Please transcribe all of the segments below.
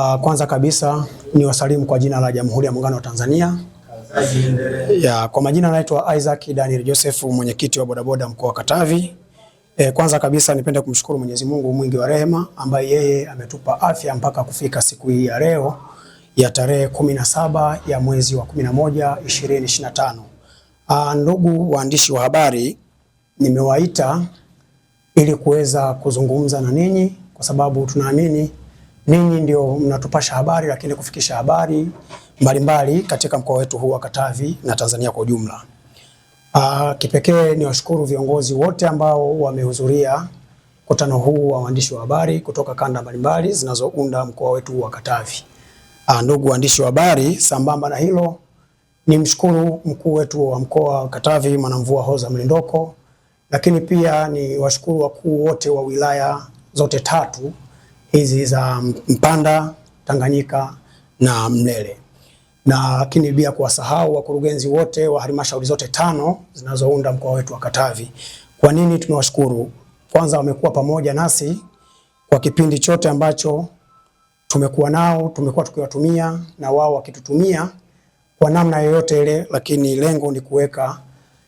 Ah, kwanza kabisa ni wasalimu kwa jina la Jamhuri ya Muungano wa Tanzania. Ya, kwa majina naitwa Isaac Daniel Joseph, mwenyekiti wa bodaboda mkoa wa Katavi. E, kwanza kabisa nipende kumshukuru Mwenyezi Mungu mwingi wa rehema ambaye yeye ametupa afya mpaka kufika siku hii ya leo ya tarehe 17 ya mwezi wa 11 2025. Ah, ndugu waandishi wa habari, nimewaita ili kuweza kuzungumza na ninyi kwa sababu tunaamini ninyi ndio mnatupasha habari, lakini kufikisha habari mbalimbali katika mkoa wetu huu wa Katavi na Tanzania kwa ujumla. Ah, kipekee ni washukuru viongozi wote ambao wamehudhuria mkutano huu wa waandishi wa habari kutoka kanda mbalimbali zinazounda mkoa wetu wa Katavi. Ah, ndugu waandishi wa habari, sambamba na hilo ni mshukuru mkuu wetu wa mkoa wa Katavi Mwanamvua Hoza Mlindoko, lakini pia ni washukuru wakuu wote wa wilaya zote tatu hizi za Mpanda, Tanganyika na Mlele na lakini bila kuwasahau wakurugenzi wote wa halmashauri zote tano zinazounda mkoa wetu wa Katavi. Kwa nini tumewashukuru? Kwanza wamekuwa pamoja nasi kwa kipindi chote ambacho tumekuwa nao, tumekuwa tukiwatumia na wao wakitutumia kwa namna yoyote ile, lakini lengo ni kuweka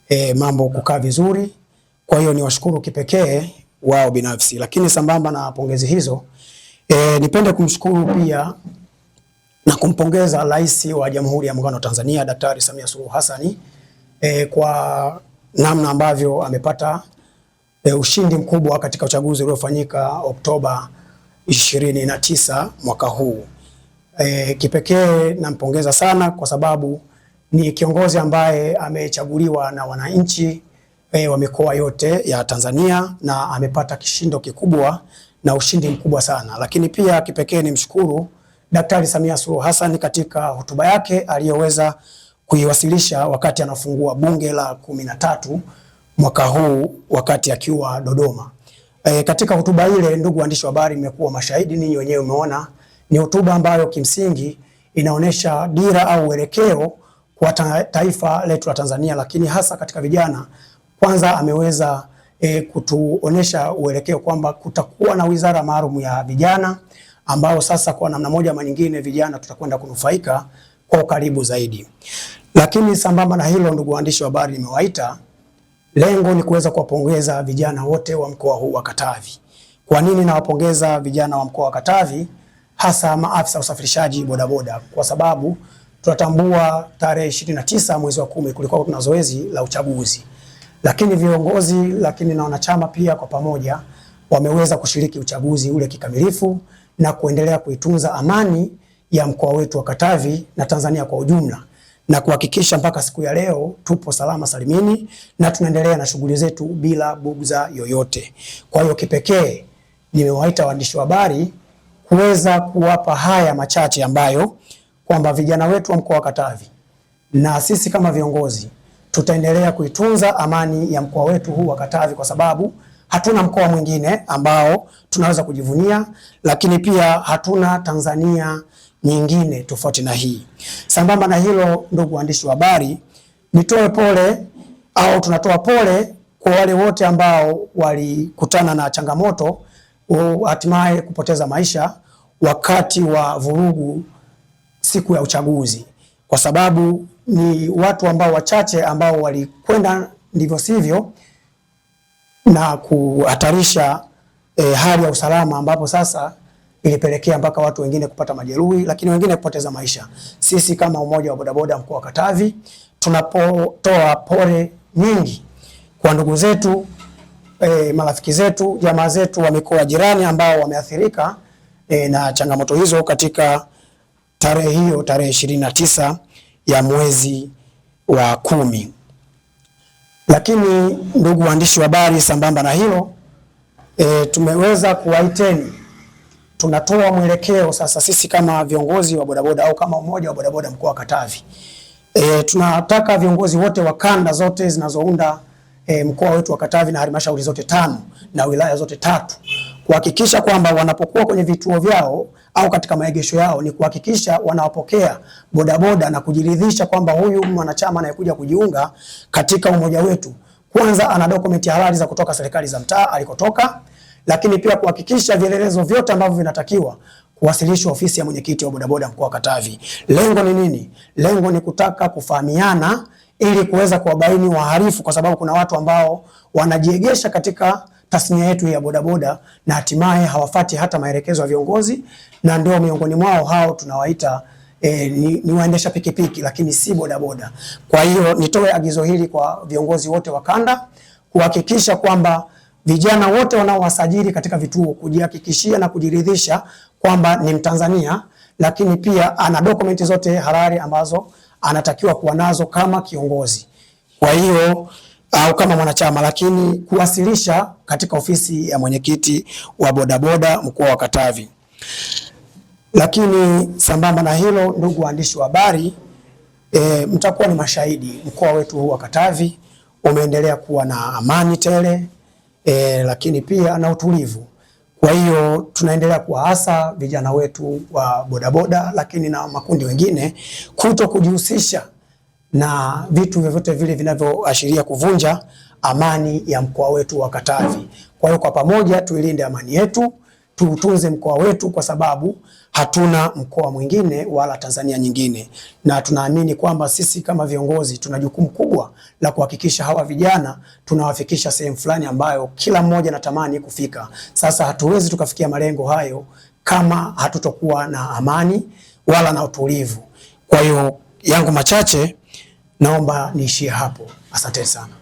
e, mambo kukaa vizuri. Kwa hiyo niwashukuru kipekee wao binafsi, lakini sambamba na pongezi hizo E, nipende kumshukuru pia na kumpongeza Rais wa Jamhuri ya Muungano wa Tanzania Daktari Samia Suluhu Hassan e, kwa namna ambavyo amepata e, ushindi mkubwa katika uchaguzi uliofanyika Oktoba 29 mwaka huu. E, kipekee nampongeza sana kwa sababu ni kiongozi ambaye amechaguliwa na wananchi e, wa mikoa yote ya Tanzania na amepata kishindo kikubwa na ushindi mkubwa sana, lakini pia kipekee ni mshukuru Daktari Samia Suluhu Hassan katika hotuba yake aliyoweza kuiwasilisha wakati anafungua bunge la kumi na tatu mwaka huu wakati akiwa Dodoma. E, katika hotuba ile, ndugu waandishi wa habari, mmekuwa mashahidi ninyi wenyewe, umeona ni hotuba ambayo kimsingi inaonyesha dira au uelekeo kwa taifa letu la Tanzania, lakini hasa katika vijana. Kwanza ameweza e, kutuonesha uelekeo kwamba kutakuwa na wizara maalum ya vijana ambao sasa kwa namna moja ama nyingine vijana tutakwenda kunufaika kwa ukaribu zaidi. Lakini sambamba na hilo, ndugu waandishi wa habari, nimewaita lengo ni kuweza kuwapongeza vijana wote wa mkoa huu wa Katavi. Kwa nini nawapongeza vijana wa mkoa wa Katavi, hasa maafisa wa usafirishaji bodaboda? Kwa sababu tunatambua tarehe 29 mwezi wa kumi kulikuwa kuna zoezi la uchaguzi lakini viongozi lakini na wanachama pia kwa pamoja wameweza kushiriki uchaguzi ule kikamilifu na kuendelea kuitunza amani ya mkoa wetu wa Katavi na Tanzania kwa ujumla na kuhakikisha mpaka siku ya leo tupo salama salimini na tunaendelea na shughuli zetu bila bugza yoyote. Kwa hiyo kipekee nimewaita waandishi wa habari kuweza kuwapa haya machache ambayo kwamba vijana wetu wa mkoa wa Katavi na sisi kama viongozi tutaendelea kuitunza amani ya mkoa wetu huu wa Katavi kwa sababu hatuna mkoa mwingine ambao tunaweza kujivunia, lakini pia hatuna Tanzania nyingine tofauti na hii. Sambamba na hilo, ndugu waandishi wa habari, nitoe pole au tunatoa pole kwa wale wote ambao walikutana na changamoto hatimaye kupoteza maisha wakati wa vurugu siku ya uchaguzi, kwa sababu ni watu ambao wachache ambao walikwenda ndivyo sivyo na kuhatarisha e, hali ya usalama ambapo sasa ilipelekea mpaka watu wengine kupata majeruhi, lakini wengine kupoteza maisha. Sisi kama Umoja wa Bodaboda mkoa wa Katavi tunapotoa pole nyingi kwa ndugu zetu e, marafiki zetu, jamaa zetu wa mikoa jirani ambao wameathirika e, na changamoto hizo katika tarehe hiyo tarehe ishirini na tisa ya mwezi wa kumi. Lakini ndugu waandishi wa habari, sambamba na hilo e, tumeweza kuwaiteni, tunatoa mwelekeo sasa sisi kama viongozi wa bodaboda au kama umoja wa bodaboda mkoa wa Katavi e, tunataka viongozi wote wa kanda zote zinazounda e, mkoa wetu wa Katavi na halmashauri zote tano na wilaya zote tatu kuhakikisha kwamba wanapokuwa kwenye vituo vyao au katika maegesho yao ni kuhakikisha wanawapokea bodaboda na kujiridhisha kwamba huyu mwanachama anayekuja kujiunga katika umoja wetu, kwanza ana dokumenti halali za kutoka serikali za mtaa alikotoka, lakini pia kuhakikisha vielelezo vyote ambavyo vinatakiwa kuwasilishwa ofisi ya mwenyekiti wa bodaboda mkoa wa Katavi. Lengo ni nini? Lengo ni kutaka kufahamiana ili kuweza kuwabaini wahalifu, kwa sababu kuna watu ambao wanajiegesha katika tasnia yetu ya bodaboda na hatimaye hawafati hata maelekezo ya viongozi, na ndio miongoni mwao hao tunawaita E, ni, ni waendesha pikipiki lakini si bodaboda. Kwa hiyo nitoe agizo hili kwa viongozi wote wa kanda kuhakikisha kwamba vijana wote wanaowasajili katika vituo kujihakikishia na kujiridhisha kwamba ni Mtanzania, lakini pia ana dokumenti zote halali ambazo anatakiwa kuwa nazo kama kiongozi. Kwa hiyo au kama mwanachama, lakini kuwasilisha katika ofisi ya mwenyekiti wa bodaboda mkoa wa Katavi. Lakini sambamba na hilo, ndugu waandishi wa habari, e, mtakuwa ni mashahidi, mkoa wetu huu wa Katavi umeendelea kuwa na amani tele e, lakini pia na utulivu. Kwa hiyo tunaendelea kuwaasa vijana wetu wa bodaboda, lakini na makundi wengine kuto kujihusisha na vitu vyovyote vile vinavyoashiria kuvunja amani ya mkoa wetu wa Katavi. Kwa hiyo kwa pamoja tuilinde amani yetu, tuutunze mkoa wetu, kwa sababu hatuna mkoa mwingine wala Tanzania nyingine, na tunaamini kwamba sisi kama viongozi tuna jukumu kubwa la kuhakikisha hawa vijana tunawafikisha sehemu fulani ambayo kila mmoja anatamani kufika. Sasa hatuwezi tukafikia malengo hayo kama hatutokuwa na amani wala na utulivu. Kwa hiyo yangu machache Naomba niishie hapo, asanteni sana.